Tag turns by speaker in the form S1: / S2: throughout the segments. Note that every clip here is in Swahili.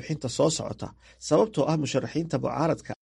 S1: bixinta soo socota sababtoo ah musharaxiinta mucaaradka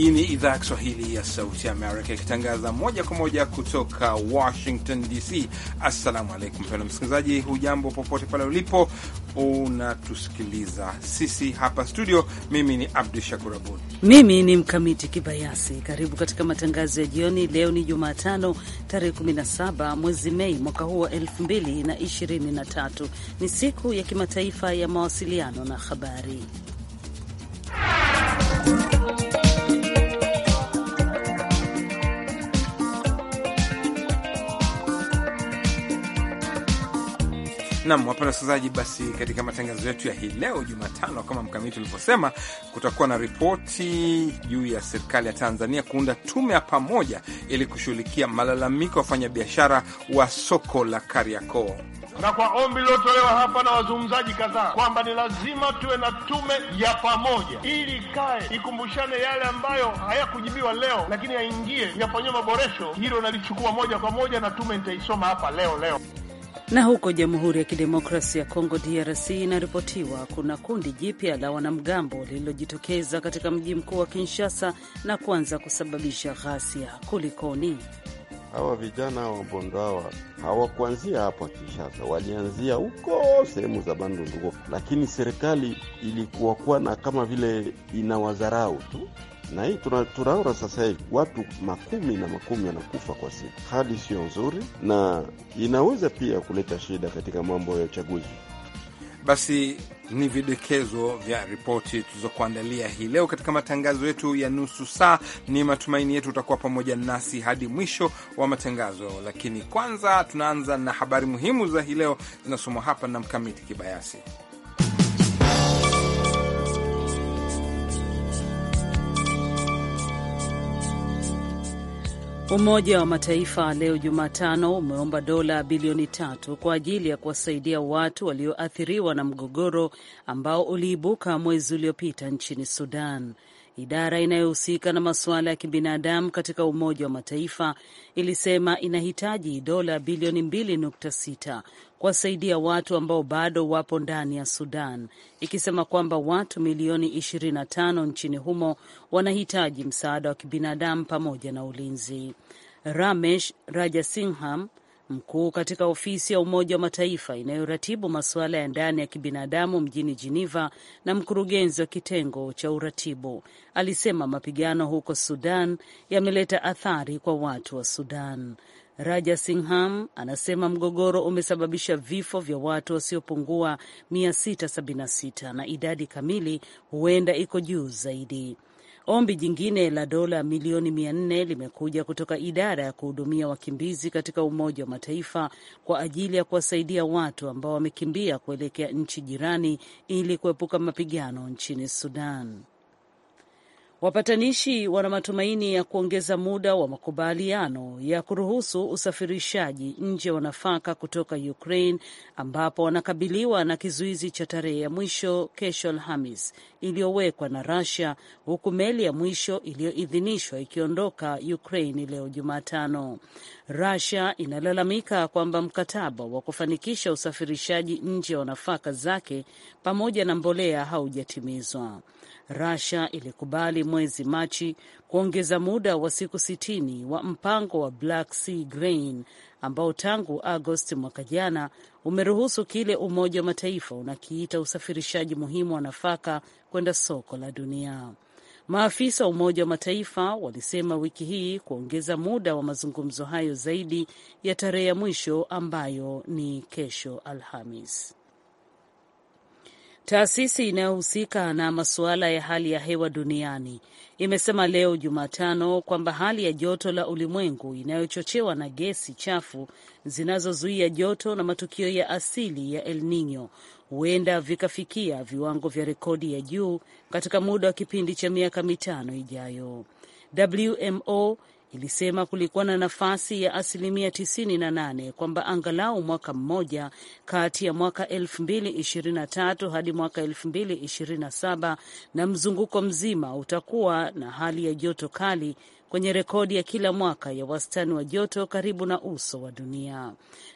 S2: Hii ni idhaa ya Kiswahili ya Sauti ya Amerika ikitangaza moja kwa moja kutoka Washington DC. Assalamu alaikum pendo msikilizaji, hujambo popote pale ulipo unatusikiliza. Sisi hapa studio, mimi ni Abdu Shakur
S3: Abud, mimi ni Mkamiti Kibayasi. Karibu katika matangazo ya jioni. Leo ni Jumatano tarehe 17 mwezi Mei mwaka huu wa 2023. Ni siku ya kimataifa ya mawasiliano na habari
S2: Nam, wapenda wasikilizaji, basi katika matangazo yetu ya hii leo Jumatano, kama mkamiti ulivyosema, kutakuwa na ripoti juu ya serikali ya Tanzania kuunda tume ya pamoja ili kushughulikia malalamiko ya wafanyabiashara wa soko la Kariakoo
S4: na kwa ombi lilotolewa
S5: hapa na wazungumzaji kadhaa kwamba ni lazima tuwe na tume ya pamoja ili ikae ikumbushane yale ambayo hayakujibiwa leo, lakini yaingie yafanyiwe maboresho. Hilo nalichukua moja kwa moja na tume nitaisoma hapa leo leo.
S3: Na huko Jamhuri ya Kidemokrasi ya Kongo, DRC, inaripotiwa kuna kundi jipya la wanamgambo lililojitokeza katika mji mkuu wa Kinshasa na kuanza kusababisha ghasia. Kulikoni?
S4: Hawa vijana wa Mbondoawa hawakuanzia hapo Kinshasa, walianzia huko sehemu za Bandundu, lakini serikali ilikuwa kuwa na kama vile inawadharau tu na hii tunaona sasa hivi watu makumi na makumi wanakufa kwa siku. Hali siyo nzuri, na inaweza pia kuleta shida katika mambo ya uchaguzi.
S2: Basi ni vidokezo vya ripoti tulizokuandalia hii leo katika matangazo yetu ya nusu saa. Ni matumaini yetu utakuwa pamoja nasi hadi mwisho wa matangazo, lakini kwanza tunaanza na habari muhimu za hii leo zinasomwa hapa na Mkamiti
S3: Kibayasi. Umoja wa Mataifa leo Jumatano umeomba dola bilioni tatu kwa ajili ya kuwasaidia watu walioathiriwa na mgogoro ambao uliibuka mwezi uliopita nchini Sudan. Idara inayohusika na masuala ya kibinadamu katika Umoja wa Mataifa ilisema inahitaji dola bilioni 2.6 kuwasaidia watu ambao bado wapo ndani ya Sudan, ikisema kwamba watu milioni 25 nchini humo wanahitaji msaada wa kibinadamu pamoja na ulinzi. Ramesh Rajasingham mkuu katika ofisi ya Umoja wa Mataifa inayoratibu masuala ya ndani ya kibinadamu mjini Geneva na mkurugenzi wa kitengo cha uratibu alisema mapigano huko Sudan yameleta athari kwa watu wa Sudan. Raja Singham anasema mgogoro umesababisha vifo vya watu wasiopungua 676 na idadi kamili huenda iko juu zaidi. Ombi jingine la dola milioni mia nne limekuja kutoka idara ya kuhudumia wakimbizi katika Umoja wa Mataifa kwa ajili ya kuwasaidia watu ambao wamekimbia kuelekea nchi jirani ili kuepuka mapigano nchini Sudan. Wapatanishi wana matumaini ya kuongeza muda wa makubaliano ya kuruhusu usafirishaji nje wa nafaka kutoka Ukraine, ambapo wanakabiliwa na kizuizi cha tarehe ya mwisho kesho Alhamis iliyowekwa na Russia, huku meli ya mwisho iliyoidhinishwa ikiondoka Ukraine leo Jumatano. Russia inalalamika kwamba mkataba wa kufanikisha usafirishaji nje wa nafaka zake pamoja na mbolea haujatimizwa. Russia ilikubali mwezi Machi kuongeza muda wa siku sitini wa mpango wa Black Sea Grain ambao tangu Agosti mwaka jana umeruhusu kile Umoja wa Mataifa unakiita usafirishaji muhimu wa nafaka kwenda soko la dunia. Maafisa wa Umoja wa Mataifa walisema wiki hii kuongeza muda wa mazungumzo hayo zaidi ya tarehe ya mwisho ambayo ni kesho Alhamis. Taasisi inayohusika na masuala ya hali ya hewa duniani imesema leo Jumatano kwamba hali ya joto la ulimwengu inayochochewa na gesi chafu zinazozuia joto na matukio ya asili ya El Nino huenda vikafikia viwango vya rekodi ya juu katika muda wa kipindi cha miaka mitano ijayo. WMO ilisema kulikuwa na nafasi ya asilimia 98 kwamba angalau mwaka mmoja kati ya mwaka 2023 hadi mwaka 2027 na mzunguko mzima utakuwa na hali ya joto kali kwenye rekodi ya kila mwaka ya wastani wa joto karibu na uso wa dunia.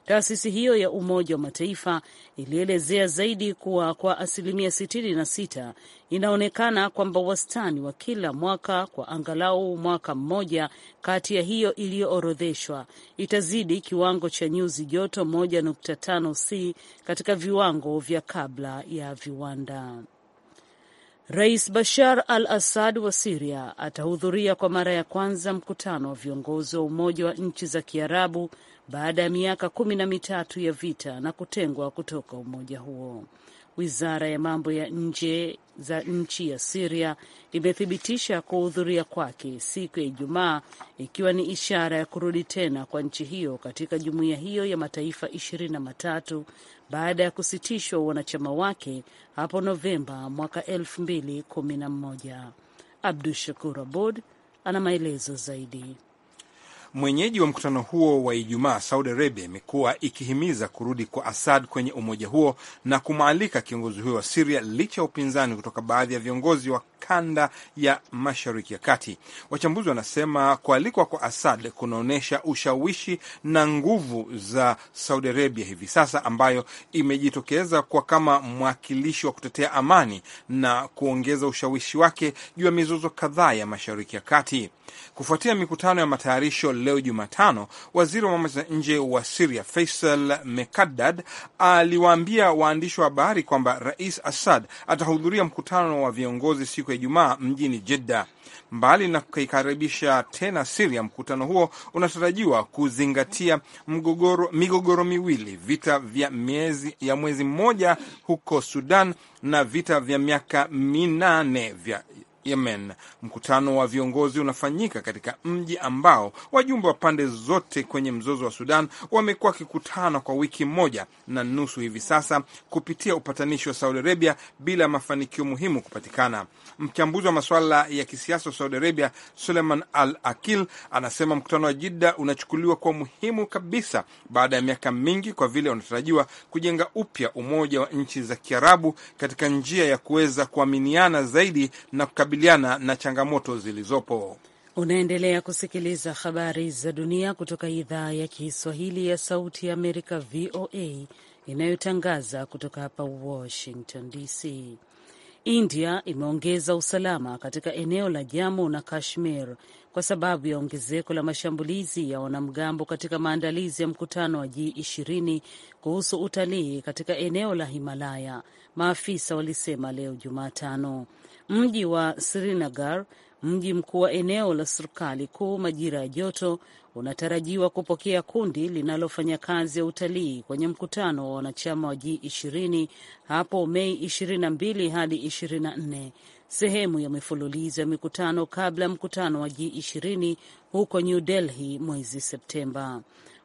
S3: Taasisi hiyo ya Umoja wa Mataifa ilielezea zaidi kuwa kwa asilimia 66 inaonekana kwamba wastani wa kila mwaka kwa angalau mwaka mmoja kati ya hiyo iliyoorodheshwa itazidi kiwango cha nyuzi joto 1.5 C katika viwango vya kabla ya viwanda. Rais Bashar al Assad wa Siria atahudhuria kwa mara ya kwanza mkutano wa viongozi wa Umoja wa Nchi za Kiarabu baada ya miaka kumi na mitatu ya vita na kutengwa kutoka umoja huo. Wizara ya mambo ya nje za nchi ya Siria imethibitisha kuhudhuria kwake siku ya Ijumaa, ikiwa ni ishara ya kurudi tena kwa nchi hiyo katika jumuiya hiyo ya mataifa ishirini na matatu baada ya kusitishwa wanachama wake hapo Novemba mwaka elfu mbili kumi na mmoja. Abdu Shakur Abud ana maelezo zaidi.
S2: Mwenyeji wa mkutano huo wa Ijumaa, Saudi Arabia imekuwa ikihimiza kurudi kwa Assad kwenye umoja huo na kumwalika kiongozi huyo wa Siria licha ya upinzani kutoka baadhi ya viongozi wa kanda ya Mashariki ya Kati. Wachambuzi wanasema kualikwa kwa Assad kunaonyesha ushawishi na nguvu za Saudi Arabia hivi sasa, ambayo imejitokeza kwa kama mwakilishi wa kutetea amani na kuongeza ushawishi wake juu ya mizozo kadhaa ya Mashariki ya Kati. Kufuatia mikutano ya matayarisho leo Jumatano, waziri wa mambo za nje wa Siria Faisal Mekaddad aliwaambia waandishi wa habari kwamba Rais Assad atahudhuria mkutano wa viongozi siku ya Ijumaa mjini Jeddah. Mbali na kuikaribisha tena Siria, mkutano huo unatarajiwa kuzingatia mgogoro, migogoro miwili: vita vya miezi ya mwezi mmoja huko Sudan na vita vya miaka minane vya Yemen. Mkutano wa viongozi unafanyika katika mji ambao wajumbe wa pande zote kwenye mzozo wa Sudan wamekuwa wakikutana kwa wiki moja na nusu hivi sasa kupitia upatanishi wa Saudi Arabia bila mafanikio muhimu kupatikana. Mchambuzi wa masuala ya kisiasa wa Saudi Arabia Suleiman Al Akil anasema mkutano wa Jidda unachukuliwa kwa muhimu kabisa baada ya miaka mingi, kwa vile unatarajiwa kujenga upya umoja wa nchi za Kiarabu katika njia ya kuweza kuaminiana zaidi na kukabiliana kukabiliana na changamoto zilizopo.
S3: Unaendelea kusikiliza habari za dunia kutoka idhaa ya Kiswahili ya Sauti ya Amerika, VOA, inayotangaza kutoka hapa Washington DC. India imeongeza usalama katika eneo la jamu na Kashmir kwa sababu ya ongezeko la mashambulizi ya wanamgambo katika maandalizi ya mkutano wa G20 kuhusu utalii katika eneo la Himalaya, maafisa walisema leo Jumatano mji wa Srinagar, mji mkuu wa eneo la serikali kuu, majira ya joto, unatarajiwa kupokea kundi linalofanya kazi ya utalii kwenye mkutano wa wanachama wa G20 hapo Mei 22 hadi 24, sehemu ya mifululizo ya mikutano kabla ya mkutano wa G20 huko New Delhi mwezi Septemba.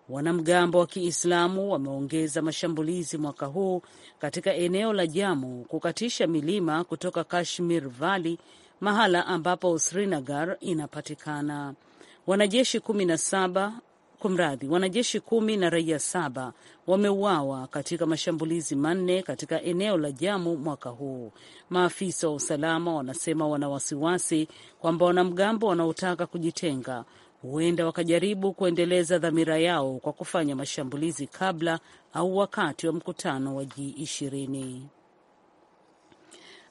S3: Wanamgambo wa Kiislamu wameongeza mashambulizi mwaka huu katika eneo la Jamu, kukatisha milima kutoka Kashmir Valley, mahala ambapo Srinagar inapatikana. Wanajeshi kumi na saba Kumradhi, wanajeshi kumi na raia saba wameuawa katika mashambulizi manne katika eneo la Jamu mwaka huu. Maafisa wa usalama wanasema wana wasiwasi kwamba wanamgambo wanaotaka kujitenga huenda wakajaribu kuendeleza dhamira yao kwa kufanya mashambulizi kabla au wakati wa mkutano wa g ishirini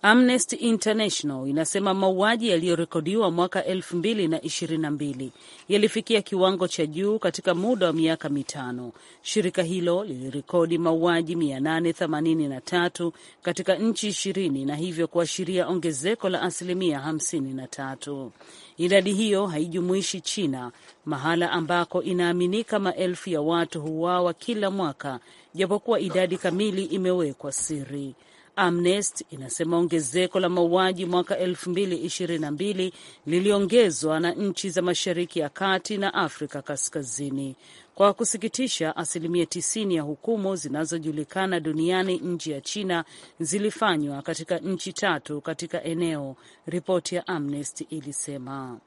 S3: Amnesty International inasema mauaji yaliyorekodiwa mwaka 2022 yalifikia kiwango cha juu katika muda wa miaka mitano. Shirika hilo lilirekodi mauaji 883 katika nchi ishirini na hivyo kuashiria ongezeko la asilimia 53. Idadi hiyo haijumuishi China, mahala ambako inaaminika maelfu ya watu huuawa kila mwaka, japokuwa idadi kamili imewekwa siri. Amnesty inasema ongezeko la mauaji mwaka 2022 liliongezwa na nchi za Mashariki ya Kati na Afrika Kaskazini. Kwa kusikitisha, asilimia 90 ya hukumu zinazojulikana duniani nje ya China zilifanywa katika nchi tatu katika eneo, ripoti ya Amnesty ilisema.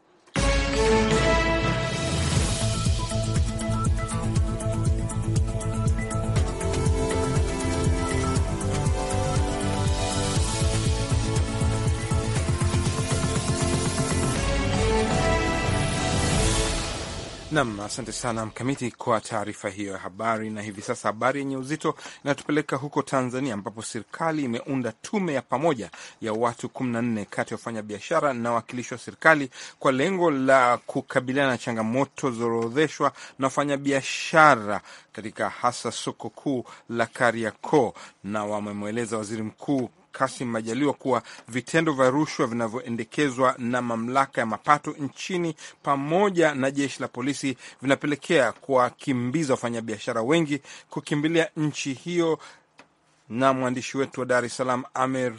S2: Nam, asante sana Mkamiti kwa taarifa hiyo ya habari. Na hivi sasa habari yenye uzito inatupeleka huko Tanzania, ambapo serikali imeunda tume ya pamoja ya watu kumi na nne kati ya wafanyabiashara na wakilishi wa serikali kwa lengo la kukabiliana na changamoto zilizoorodheshwa na wafanyabiashara katika hasa soko kuu la Kariakoo, na wamemweleza waziri mkuu Kasim Majaliwa kuwa vitendo vya rushwa vinavyoendekezwa na mamlaka ya mapato nchini pamoja na jeshi la polisi vinapelekea kuwakimbiza wafanyabiashara wengi kukimbilia nchi hiyo, na mwandishi wetu wa Dar es Salaam Amir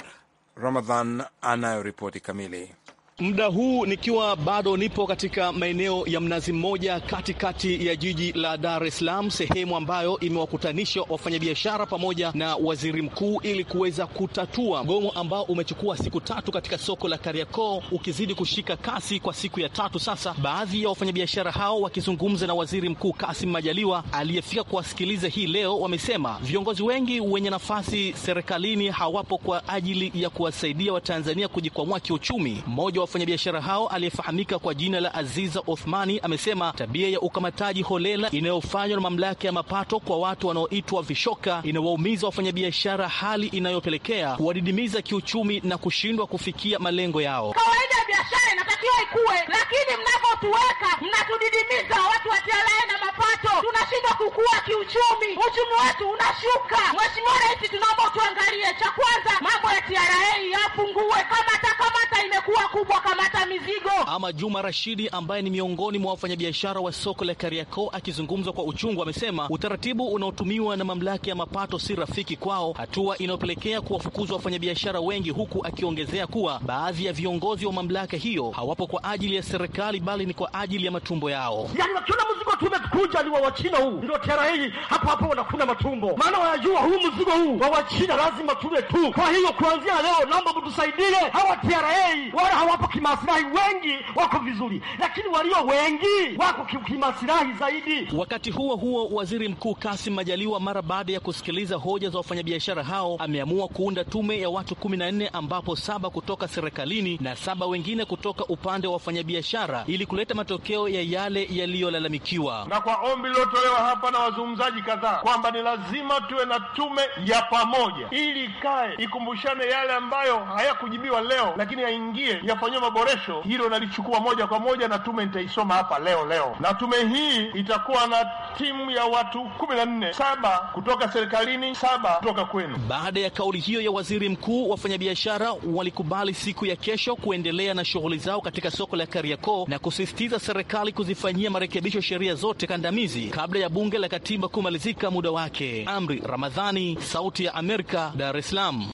S2: Ramadhan anayo ripoti kamili.
S6: Muda
S1: huu nikiwa bado nipo katika maeneo ya Mnazi Mmoja katikati ya jiji la Dar es Salaam, sehemu ambayo imewakutanisha wafanyabiashara pamoja na waziri mkuu ili kuweza kutatua mgomo ambao umechukua siku tatu katika soko la Kariakoo, ukizidi kushika kasi kwa siku ya tatu sasa. Baadhi ya wafanyabiashara hao wakizungumza na waziri mkuu Kassim Majaliwa aliyefika kuwasikiliza hii leo, wamesema viongozi wengi wenye nafasi serikalini hawapo kwa ajili ya kuwasaidia Watanzania kujikwamua kiuchumi. Mmoja wa wafanyabiashara hao aliyefahamika kwa jina la Aziza Othmani amesema tabia ya ukamataji holela inayofanywa na mamlaka ya mapato kwa watu wanaoitwa vishoka inawaumiza wafanyabiashara, hali inayopelekea kuwadidimiza kiuchumi na kushindwa kufikia malengo yao.
S3: Kawaida biashara inatakiwa ikuwe, lakini mnapotuweka mnatudidimiza, watu watialae na mapato,
S7: tunashindwa kukua kiuchumi, uchumi wetu unashuka. Mheshimiwa Rais, tunaomba utuangalie,
S3: cha kwanza mambo ya TRA yapungue. Kamata kamata imekuwa
S7: kubwa, kamata
S1: mizigo. Ama Juma Rashidi ambaye ni miongoni mwa wafanyabiashara wa soko la Kariakoo akizungumzwa kwa uchungu amesema utaratibu unaotumiwa na mamlaka ya mapato si rafiki kwao, hatua inayopelekea kuwafukuzwa wafanyabiashara wengi, huku akiongezea kuwa baadhi ya viongozi wa mamlaka hiyo hawa hawapo kwa ajili ya serikali, bali ni kwa ajili ya matumbo yao.
S8: Yani wakiona mzigo umekuja ni wa Wachina, huu ndio tera hii, hapo hapo wanakuna matumbo, maana wanajua huu mzigo huu wa Wachina lazima tuwe tu. Kwa hiyo kuanzia leo, naomba mtusaidie. Hawa TRA wala hawapo kimaslahi, wengi wako vizuri, lakini walio wengi wako kimaslahi zaidi. Wakati
S1: huo huo, waziri mkuu Kasim Majaliwa mara baada ya kusikiliza hoja za wafanyabiashara hao ameamua kuunda tume ya watu kumi na nne ambapo saba kutoka serikalini na saba wengine kutoka upande wa wafanyabiashara ili kuleta matokeo ya yale yaliyolalamikiwa. Na kwa ombi
S4: lilotolewa hapa na wazungumzaji kadhaa kwamba ni lazima tuwe na tume ya pamoja, ili
S5: ikae ikumbushane yale ambayo hayakujibiwa leo, lakini yaingie yafanyiwe maboresho, hilo nalichukua moja kwa moja na tume nitaisoma hapa leo leo. Na tume hii itakuwa na timu ya watu kumi na nne, saba kutoka serikalini, saba kutoka kwenu.
S1: Baada ya kauli hiyo ya waziri mkuu, wafanyabiashara walikubali siku ya kesho kuendelea na shughuli zao katika soko la Kariakoo na kusisitiza serikali kuzifanyia marekebisho sheria zote kandamizi kabla ya bunge la katiba kumalizika muda wake. Amri Ramadhani, Sauti ya Amerika, Dar es Salaam.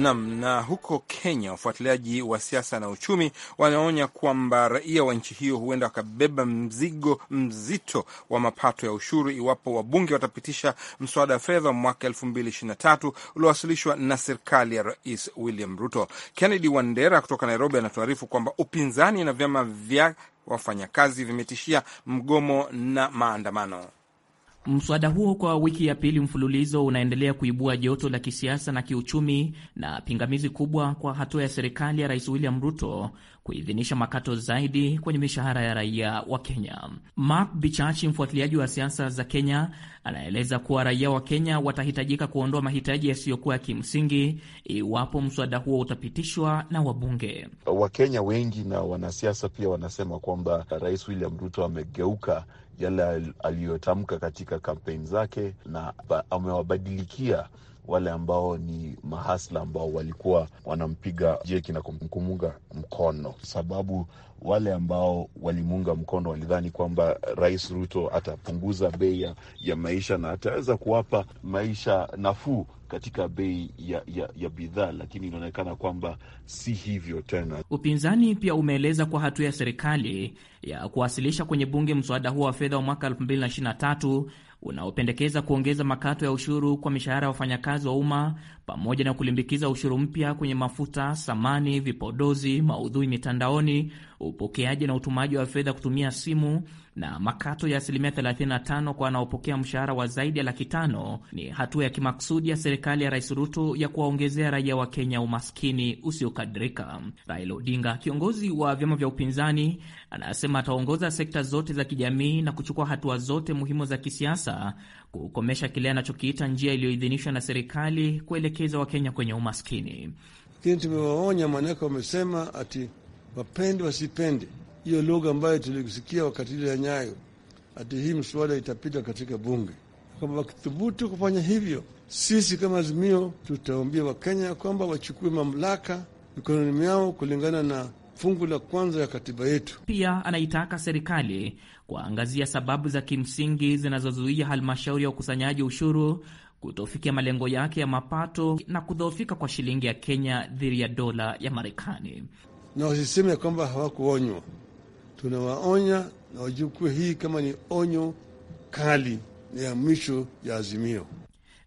S2: Nam. Na huko Kenya, wafuatiliaji wa siasa na uchumi wanaonya kwamba raia wa nchi hiyo huenda wakabeba mzigo mzito wa mapato ya ushuru iwapo wabunge watapitisha mswada wa fedha mwaka tatu uliowasilishwa na serikali ya Rais William Ruto. Kennedy Wandera kutoka Nairobi anatuarifu kwamba upinzani na vyama vya wafanyakazi vimetishia mgomo na maandamano.
S6: Mswada huo kwa wiki ya pili mfululizo unaendelea kuibua joto la kisiasa na kiuchumi na pingamizi kubwa kwa hatua ya serikali ya Rais William Ruto kuidhinisha makato zaidi kwenye mishahara ya raia wa Kenya. Mark Bichachi, mfuatiliaji wa siasa za Kenya, anaeleza kuwa raia wa Kenya watahitajika kuondoa mahitaji yasiyokuwa ya kimsingi iwapo mswada huo utapitishwa na wabunge.
S4: Wakenya wengi na wanasiasa pia wanasema kwamba Rais William Ruto amegeuka yale aliyotamka katika kampeni zake na amewabadilikia wale ambao ni mahasla ambao walikuwa wanampiga jeki na kumunga mkono, sababu wale ambao walimuunga mkono walidhani kwamba Rais Ruto atapunguza bei ya maisha na ataweza kuwapa maisha nafuu katika bei ya, ya, ya bidhaa, lakini inaonekana
S6: kwamba si hivyo tena. Upinzani pia umeeleza kwa hatua ya serikali ya kuwasilisha kwenye bunge mswada huo wa fedha wa mwaka 2023 unaopendekeza kuongeza makato ya ushuru kwa mishahara ya wafanyakazi wa umma pamoja na kulimbikiza ushuru mpya kwenye mafuta, samani, vipodozi, maudhui mitandaoni, upokeaji na utumaji wa fedha kutumia simu, na makato ya asilimia 35 kwa wanaopokea mshahara wa zaidi ya laki tano ni hatua ya kimakusudi ya serikali ya Rais Ruto ya kuwaongezea raia wa Kenya umaskini usiokadirika. Raila Odinga, kiongozi wa vyama vya upinzani, anasema ataongoza sekta zote za kijamii na kuchukua hatua zote muhimu za kisiasa kukomesha kile anachokiita njia iliyoidhinishwa na serikali kuelekeza Wakenya kwenye umaskini.
S4: Lakini tumewaonya, maanake wamesema ati wapende wasipende hiyo lugha ambayo tulisikia wakati ile ya Nyayo, ati hii mswada itapita katika bunge, kwamba wakithubutu kufanya hivyo, sisi kama Azimio tutaombia Wakenya kwamba wachukue mamlaka mikononi mwao kulingana na fungu la kwanza ya katiba yetu.
S6: Pia anaitaka serikali kuangazia sababu za kimsingi zinazozuia halmashauri ya ukusanyaji ushuru kutofikia malengo yake ya mapato na kudhoofika kwa shilingi ya Kenya dhidi ya dola ya Marekani,
S4: na wasiseme kwamba hawakuonywa tunawaonya na wajukue hii kama ni onyo kali ya mwisho ya azimio.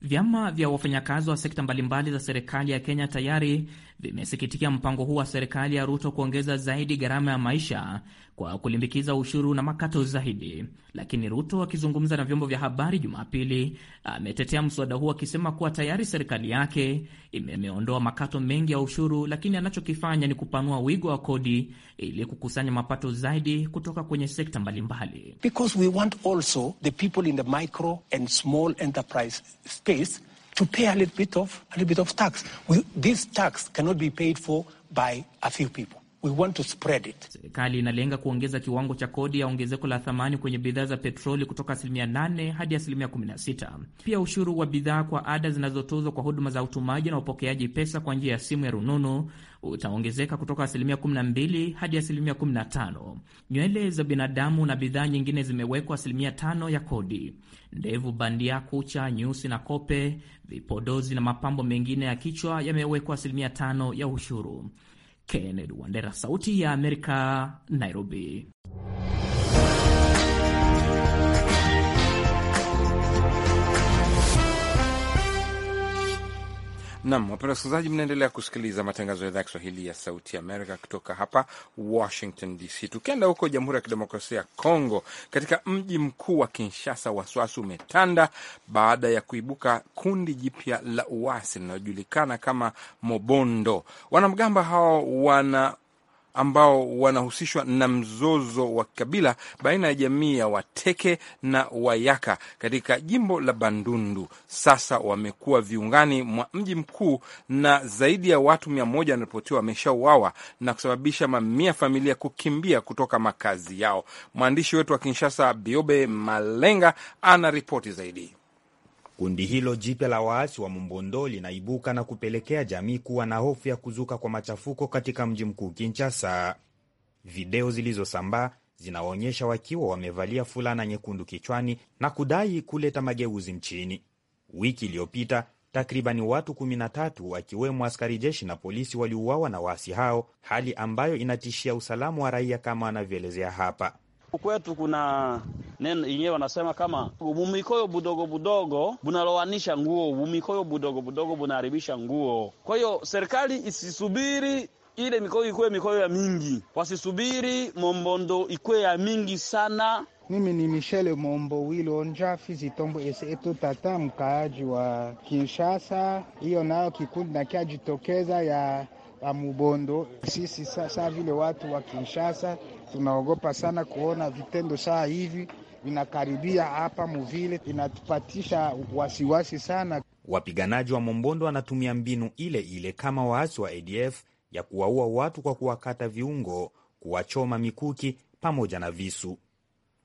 S6: Vyama vya wafanyakazi wa sekta mbalimbali za serikali ya Kenya tayari vimesikitikia mpango huu wa serikali ya Ruto kuongeza zaidi gharama ya maisha kwa kulimbikiza ushuru na makato zaidi. Lakini Ruto akizungumza na vyombo vya habari Jumapili ametetea mswada huo akisema kuwa tayari serikali yake imeondoa makato mengi ya ushuru, lakini anachokifanya ni kupanua wigo wa kodi ili kukusanya mapato zaidi kutoka kwenye sekta mbalimbali.
S1: Because we want also the people in the micro and small enterprise space to pay a little bit of, a little bit of tax. We, this tax cannot be paid for by a few people. We want to spread it.
S6: Serikali inalenga kuongeza kiwango cha kodi ya ongezeko la thamani kwenye bidhaa za petroli kutoka asilimia 8 hadi asilimia 16. Pia ushuru wa bidhaa kwa ada zinazotozwa kwa huduma za utumaji na upokeaji pesa kwa njia ya simu ya rununu utaongezeka kutoka asilimia 12 hadi asilimia 15. Nywele za binadamu na bidhaa nyingine zimewekwa asilimia 5 ya kodi. Ndevu bandia, kucha, nyusi na kope, vipodozi na mapambo mengine ya kichwa yamewekwa asilimia 5 ya ushuru. Kennedy Wandera, Sauti ya Amerika, Nairobi.
S2: Nam wapenda wasikilizaji, mnaendelea kusikiliza matangazo ya idhaa ya Kiswahili ya Sauti Amerika kutoka hapa Washington DC. Tukienda huko Jamhuri ya Kidemokrasia ya Kongo, katika mji mkuu wa Kinshasa, wasiwasi umetanda baada ya kuibuka kundi jipya la uasi linalojulikana kama Mobondo. Wanamgambo hao wana ambao wanahusishwa na mzozo wa kikabila baina ya jamii ya Wateke na Wayaka katika jimbo la Bandundu sasa wamekuwa viungani mwa mji mkuu na zaidi ya watu mia moja wanaripotiwa wameshauawa na kusababisha mamia familia kukimbia kutoka makazi yao. Mwandishi wetu wa Kinshasa Biobe Malenga ana ripoti zaidi.
S9: Kundi hilo jipya la waasi wa Mumbondo linaibuka na kupelekea jamii kuwa na hofu ya kuzuka kwa machafuko katika mji mkuu Kinshasa. Video zilizosambaa zinawaonyesha wakiwa wamevalia fulana nyekundu kichwani na kudai kuleta mageuzi nchini. Wiki iliyopita takribani watu 13 wakiwemo askari jeshi na polisi waliuawa na waasi hao, hali ambayo inatishia usalama wa raia kama wanavyoelezea hapa.
S1: Kwetu kuna neno yenyewe wanasema kama bumikoyo budogo budogo bunalowanisha nguo, bumikoyo budogo budogo bunaharibisha nguo. Kwa hiyo serikali isisubiri ile mikoyo ikuwe mikoyo ya mingi, wasisubiri mombondo ikuwe ya mingi sana.
S2: Mimi ni Michele Mombo Wilo Onja Fizi Tombo Eseto Tata, mkaaji wa Kinshasa. Hiyo nayo kikundi nakiajitokeza ya Amubondo. Sisi saa vile watu wa Kinshasa tunaogopa sana kuona vitendo saa hivi vinakaribia hapa muvile, inatupatisha
S9: wasiwasi sana. Wapiganaji wa Mombondo wanatumia mbinu ile ile kama waasi wa ADF ya kuwaua watu kwa kuwakata viungo, kuwachoma mikuki pamoja na visu.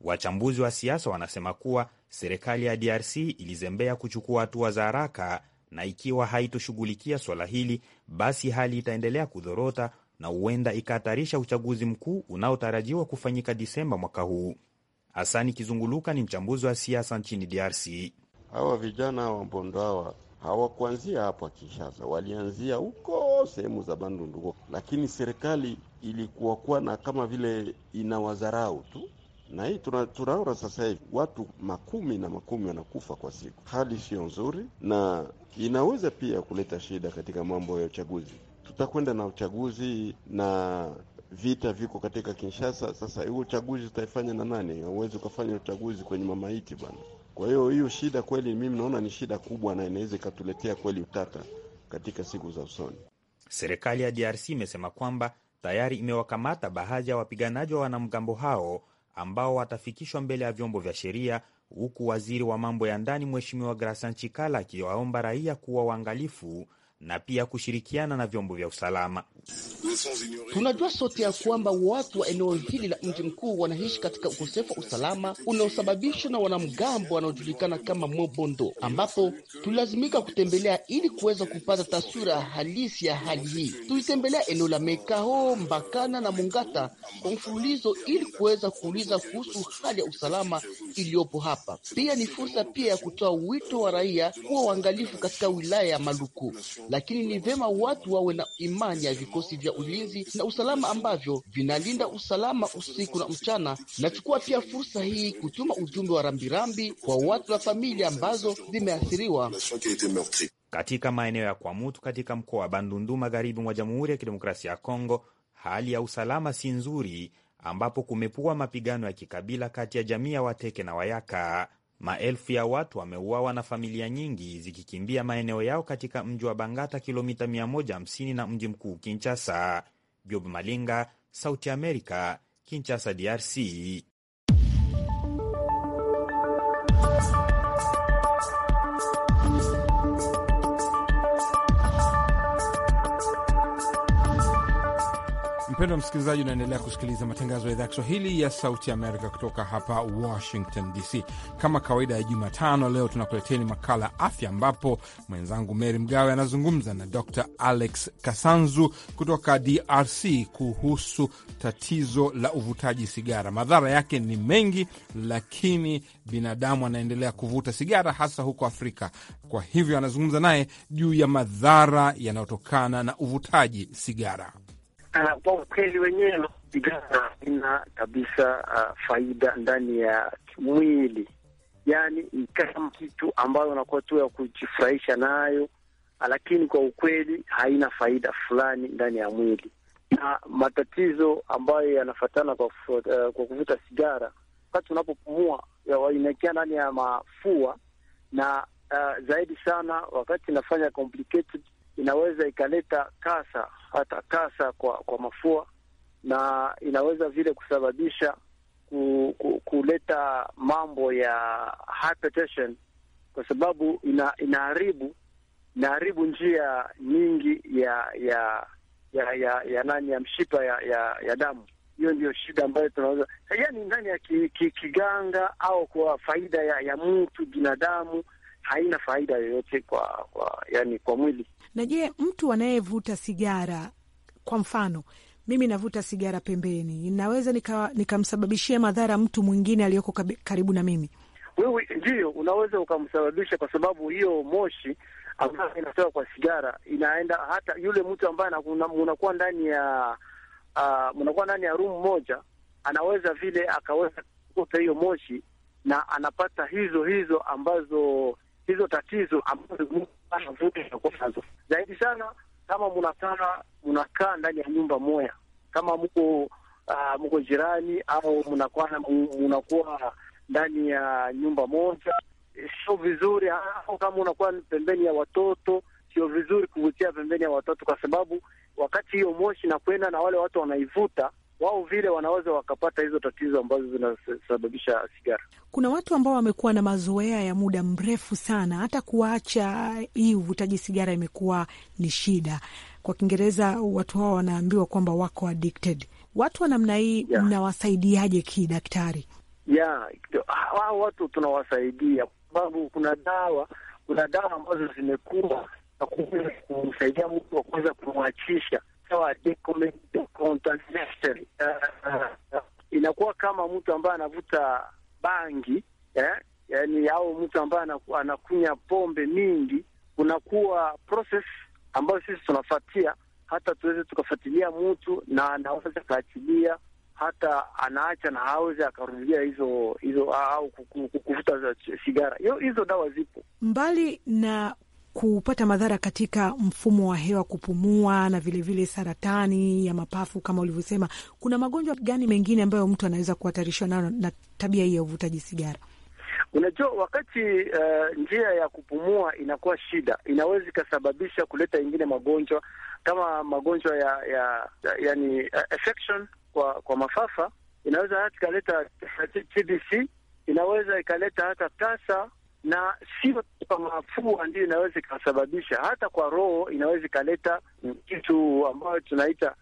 S9: Wachambuzi wa siasa wanasema kuwa serikali ya DRC ilizembea kuchukua hatua za haraka na ikiwa haitoshughulikia swala hili, basi hali itaendelea kudhorota na huenda ikahatarisha uchaguzi mkuu unaotarajiwa kufanyika Disemba mwaka huu. Hasani Kizunguluka ni mchambuzi wa siasa nchini DRC. Hawa vijana wa Mbondo hawa hawakuanzia hapa Kinshasa, walianzia huko sehemu
S4: za Bandundu, lakini serikali ilikuwa kuwa na kama vile inawadharau tu, na hii tunaona sasa hivi watu makumi na makumi wanakufa kwa siku. Hali siyo nzuri, na inaweza pia kuleta shida katika mambo ya uchaguzi. Tutakwenda na uchaguzi na vita viko katika Kinshasa. Sasa huu uchaguzi utaifanya na nani? Hauwezi ukafanya uchaguzi kwenye mamaiti bwana. Kwa hiyo hiyo shida kweli, mimi naona ni shida kubwa, na inaweza ikatuletea kweli utata katika siku za usoni. Serikali
S9: ya DRC imesema kwamba tayari imewakamata baadhi ya wapiganaji wa wanamgambo hao ambao watafikishwa mbele ya vyombo vya sheria, huku waziri wa mambo ya ndani Mheshimiwa Grasan Chikala akiwaomba raia kuwa waangalifu na pia kushirikiana na vyombo vya usalama. Tunajua sote ya kwamba watu wa eneo hili la mji mkuu
S1: wanaishi katika ukosefu wa usalama unaosababishwa na wanamgambo wanaojulikana kama Mobondo, ambapo tulilazimika kutembelea ili kuweza kupata taswira halisi ya hali hii. Tulitembelea eneo la Mekaho, Mbakana na Mungata kwa mfululizo ili kuweza kuuliza kuhusu hali ya usalama iliyopo hapa. Pia ni fursa pia ya kutoa wito wa raia kuwa uangalifu katika wilaya ya Maluku lakini ni vema watu wawe na imani ya vikosi vya ulinzi na usalama ambavyo vinalinda usalama usiku na mchana. Nachukua pia fursa hii kutuma ujumbe wa rambirambi kwa watu na familia ambazo zimeathiriwa
S9: katika maeneo ya Kwamutu katika mkoa wa Bandundu, magharibi mwa Jamhuri ya Kidemokrasia ya Kongo. Hali ya usalama si nzuri, ambapo kumepua mapigano ya kikabila kati ya jamii ya Wateke na Wayaka. Maelfu ya watu wameuawa na familia nyingi zikikimbia maeneo yao katika mji wa Bangata, kilomita 150 na mji mkuu kinchasa Job Malinga, Sauti Amerika, kinchasa DRC.
S2: Mpendwa msikilizaji, unaendelea kusikiliza matangazo ya idhaa ya Kiswahili ya Sauti Amerika kutoka hapa Washington DC. Kama kawaida ya Jumatano, leo tunakuleteni makala afya, ambapo mwenzangu Mary Mgawe anazungumza na Dr Alex Kasanzu kutoka DRC kuhusu tatizo la uvutaji sigara. Madhara yake ni mengi, lakini binadamu anaendelea kuvuta sigara, hasa huko Afrika. Kwa hivyo anazungumza naye juu ya madhara yanayotokana na uvutaji
S8: sigara. Ah, kwa ukweli wenyewe sigara haina kabisa uh, faida ndani ya mwili, yaani ni kama kitu ambayo unakuwa tu ya kujifurahisha nayo, lakini kwa ukweli haina faida fulani ndani ya mwili, na matatizo ambayo yanafatana kwa, uh, kwa kuvuta sigara, wakati unapopumua inaingia ndani ya mafua na uh, zaidi sana wakati inafanya complicated inaweza ikaleta kasa, hata kasa kwa kwa mafua, na inaweza vile kusababisha ku, ku, kuleta mambo ya hypertension, kwa sababu ina, inaharibu inaharibu njia nyingi ya ya ya ya, ya nani ya mshipa ya ya, ya damu. Hiyo ndiyo shida ambayo tunaweza yaani ndani ya ki, ki, kiganga au kwa faida ya, ya mtu binadamu haina faida yoyote kwa, kwa yani kwa mwili.
S7: Na je, mtu anayevuta sigara kwa mfano mimi navuta sigara pembeni, naweza nikamsababishia nika madhara mtu mwingine aliyoko karibu na mimi?
S8: Wewe ndiyo unaweza ukamsababisha, kwa sababu hiyo moshi ambayo inatoka kwa sigara inaenda hata yule mtu ambaye mnakuwa ndani ya uh, mnakuwa ndani ya room moja, anaweza vile akaweza kukuta hiyo moshi na anapata hizo hizo ambazo hizo tatizo ambazo nazo zaidi sana, kama mnakaa mnakaa ndani ya nyumba moya, kama mko uh, mko jirani au mnakwana mnakuwa ndani ya nyumba moja, sio vizuri. Au kama unakuwa pembeni ya watoto, sio vizuri kuvutia pembeni ya watoto, kwa sababu wakati hiyo moshi na kwenda na wale watu wanaivuta wao vile wanaweza wakapata hizo tatizo ambazo zinasababisha sigara.
S7: Kuna watu ambao wamekuwa na mazoea ya muda mrefu sana, hata kuacha hii uvutaji sigara imekuwa ni shida. Kwa Kiingereza watu hao wanaambiwa kwamba wako addicted. Watu wa namna hii yeah, mnawasaidiaje kidaktari?
S8: Yeah, hao watu tunawasaidia kwa sababu kuna dawa, kuna dawa ambazo zimekuwa na kusaidia mtu wa kuweza kumwachisha wa eh, inakuwa kama mtu ambaye anavuta bangi eh, yani au mtu ambaye anakunya pombe mingi, kunakuwa process ambayo sisi tunafuatia hata tuweze tukafuatilia mtu na anaweza kaachilia hata anaacha na aweze akarudia hizo hizo au kuvuta sigara Hizo dawa zipo
S7: mbali na kupata madhara katika mfumo wa hewa, kupumua na vilevile vile saratani ya mapafu kama ulivyosema. Kuna magonjwa gani mengine ambayo mtu anaweza kuhatarishwa nayo na tabia hii ya uvutaji sigara?
S8: Unajua, wakati uh, njia ya kupumua inakuwa shida, inaweza ikasababisha kuleta ingine magonjwa kama magonjwa ya, ya, ya yani, uh, kwa kwa mafafa, inaweza hata ikaleta TBC, inaweza ikaleta hata tasa na sio kwa mafua ndio inaweza ikasababisha, hata kwa roho inaweza ikaleta kitu ambayo tunaita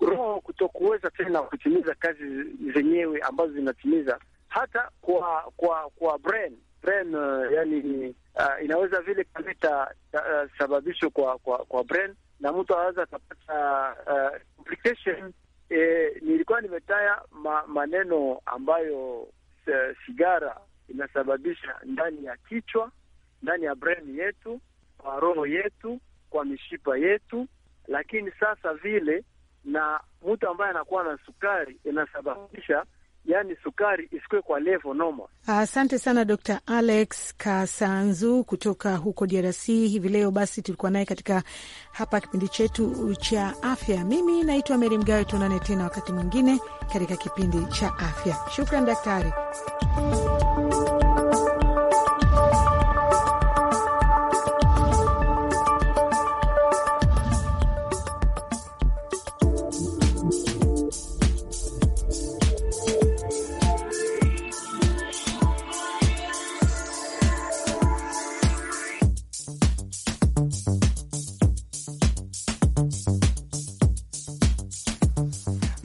S8: roho kutokuweza tena kutimiza kazi zenyewe ambazo zinatimiza, hata kwa kwa kwa brain brain, uh, yani uh, inaweza vile kaleta uh, sababisho kwa kwa kwa brain na mtu anaweza akapata uh, complication. Eh, nilikuwa nimetaya ma, maneno ambayo uh, sigara inasababisha ndani ya kichwa, ndani ya brain yetu, kwa roho yetu, kwa mishipa yetu. Lakini sasa vile na mtu ambaye anakuwa na sukari inasababisha yaani sukari isikuwe kwa levo noma.
S7: Asante sana Dr Alex Kasanzu kutoka huko DRC hivi leo. Basi tulikuwa naye katika hapa kipindi chetu cha afya. Mimi naitwa Meri Mgawe, tuonane tena wakati mwingine katika kipindi cha afya. Shukran daktari.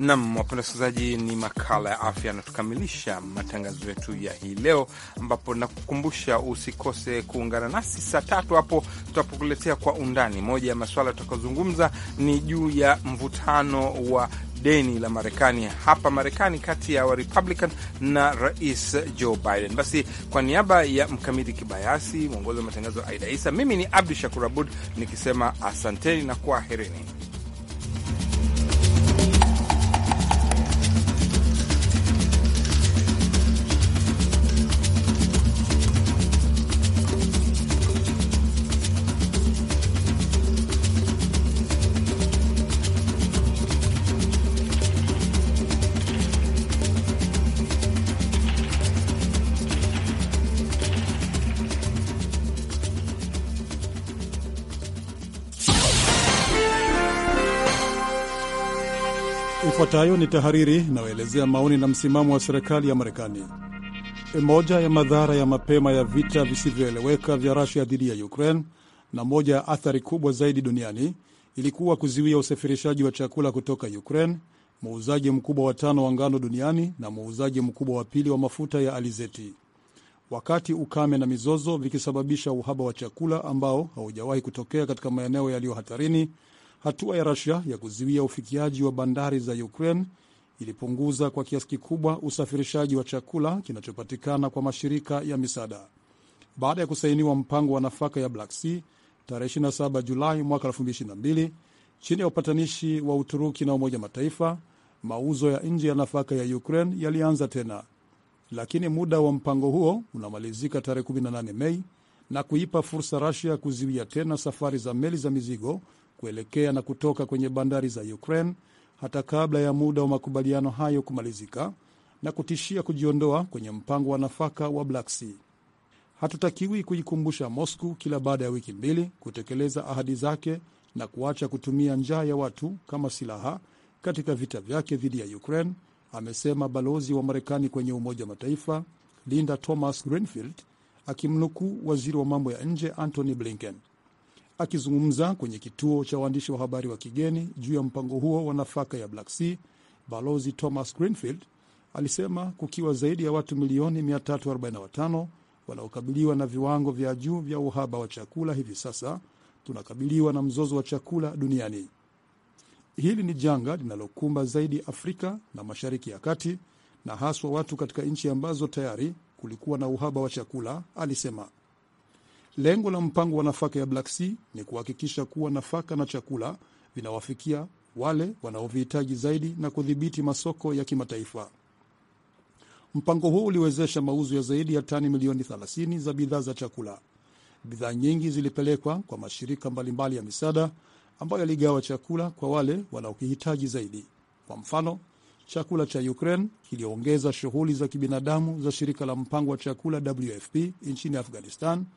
S2: Nam, wapenda wasikilizaji, ni makala ya afya yanatukamilisha matangazo yetu ya hii leo, ambapo nakukumbusha usikose kuungana nasi saa tatu hapo tutapokuletea kwa undani. Moja ya masuala tutakaozungumza ni juu ya mvutano wa deni la Marekani hapa Marekani kati ya Warepublican na Rais Joe Biden. Basi kwa niaba ya Mkamiti Kibayasi, mwongozi wa matangazo ya Aida Isa, mimi ni Abdu Shakur Abud nikisema asanteni na kwaherini.
S5: Yafuatayo ni tahariri inayoelezea maoni na msimamo wa serikali ya Marekani. E, moja ya madhara ya mapema ya vita visivyoeleweka vya Rusia dhidi ya Ukraine na moja ya athari kubwa zaidi duniani ilikuwa kuziwia usafirishaji wa chakula kutoka Ukraine, muuzaji mkubwa wa tano wa ngano duniani na muuzaji mkubwa wa pili wa mafuta ya alizeti. Wakati ukame na mizozo vikisababisha uhaba wa chakula ambao haujawahi kutokea katika maeneo yaliyo hatarini, Hatua ya Rusia ya kuzuia ufikiaji wa bandari za Ukraine ilipunguza kwa kiasi kikubwa usafirishaji wa chakula kinachopatikana kwa mashirika ya misaada baada ya kusainiwa mpango wa nafaka ya Black Sea tarehe 27 Julai mwaka 2022 chini ya upatanishi wa Uturuki na Umoja Mataifa, mauzo ya nje ya nafaka ya Ukraine yalianza tena, lakini muda wa mpango huo unamalizika tarehe 18 Mei na kuipa fursa rasia kuziwia tena safari za meli za mizigo kuelekea na kutoka kwenye bandari za Ukraine hata kabla ya muda wa makubaliano hayo kumalizika na kutishia kujiondoa kwenye mpango wa nafaka wa Black Sea. Hatutakiwi kuikumbusha Moscow kila baada ya wiki mbili kutekeleza ahadi zake na kuacha kutumia njaa ya watu kama silaha katika vita vyake dhidi ya Ukraine, amesema balozi wa Marekani kwenye Umoja wa Mataifa Linda Thomas Greenfield akimnukuu waziri wa mambo ya nje Antony Blinken. Akizungumza kwenye kituo cha waandishi wa habari wa kigeni juu ya mpango huo wa nafaka ya Black Sea, Balozi Thomas Greenfield alisema kukiwa zaidi ya watu milioni 345 wanaokabiliwa na viwango vya juu vya uhaba wa chakula hivi sasa, tunakabiliwa na mzozo wa chakula duniani. Hili ni janga linalokumba zaidi Afrika na Mashariki ya Kati, na haswa watu katika nchi ambazo tayari kulikuwa na uhaba wa chakula, alisema. Lengo la mpango wa nafaka ya Black Sea ni kuhakikisha kuwa nafaka na chakula vinawafikia wale wanaovihitaji zaidi na kudhibiti masoko ya kimataifa. Mpango huu uliwezesha mauzo ya zaidi ya tani milioni 30 za bidhaa za chakula. Bidhaa nyingi zilipelekwa kwa mashirika mbalimbali ya misaada ambayo yaligawa chakula kwa wale wanaokihitaji zaidi. Kwa mfano, chakula cha Ukraine kiliongeza shughuli za kibinadamu za shirika la mpango wa chakula WFP nchini Afghanistan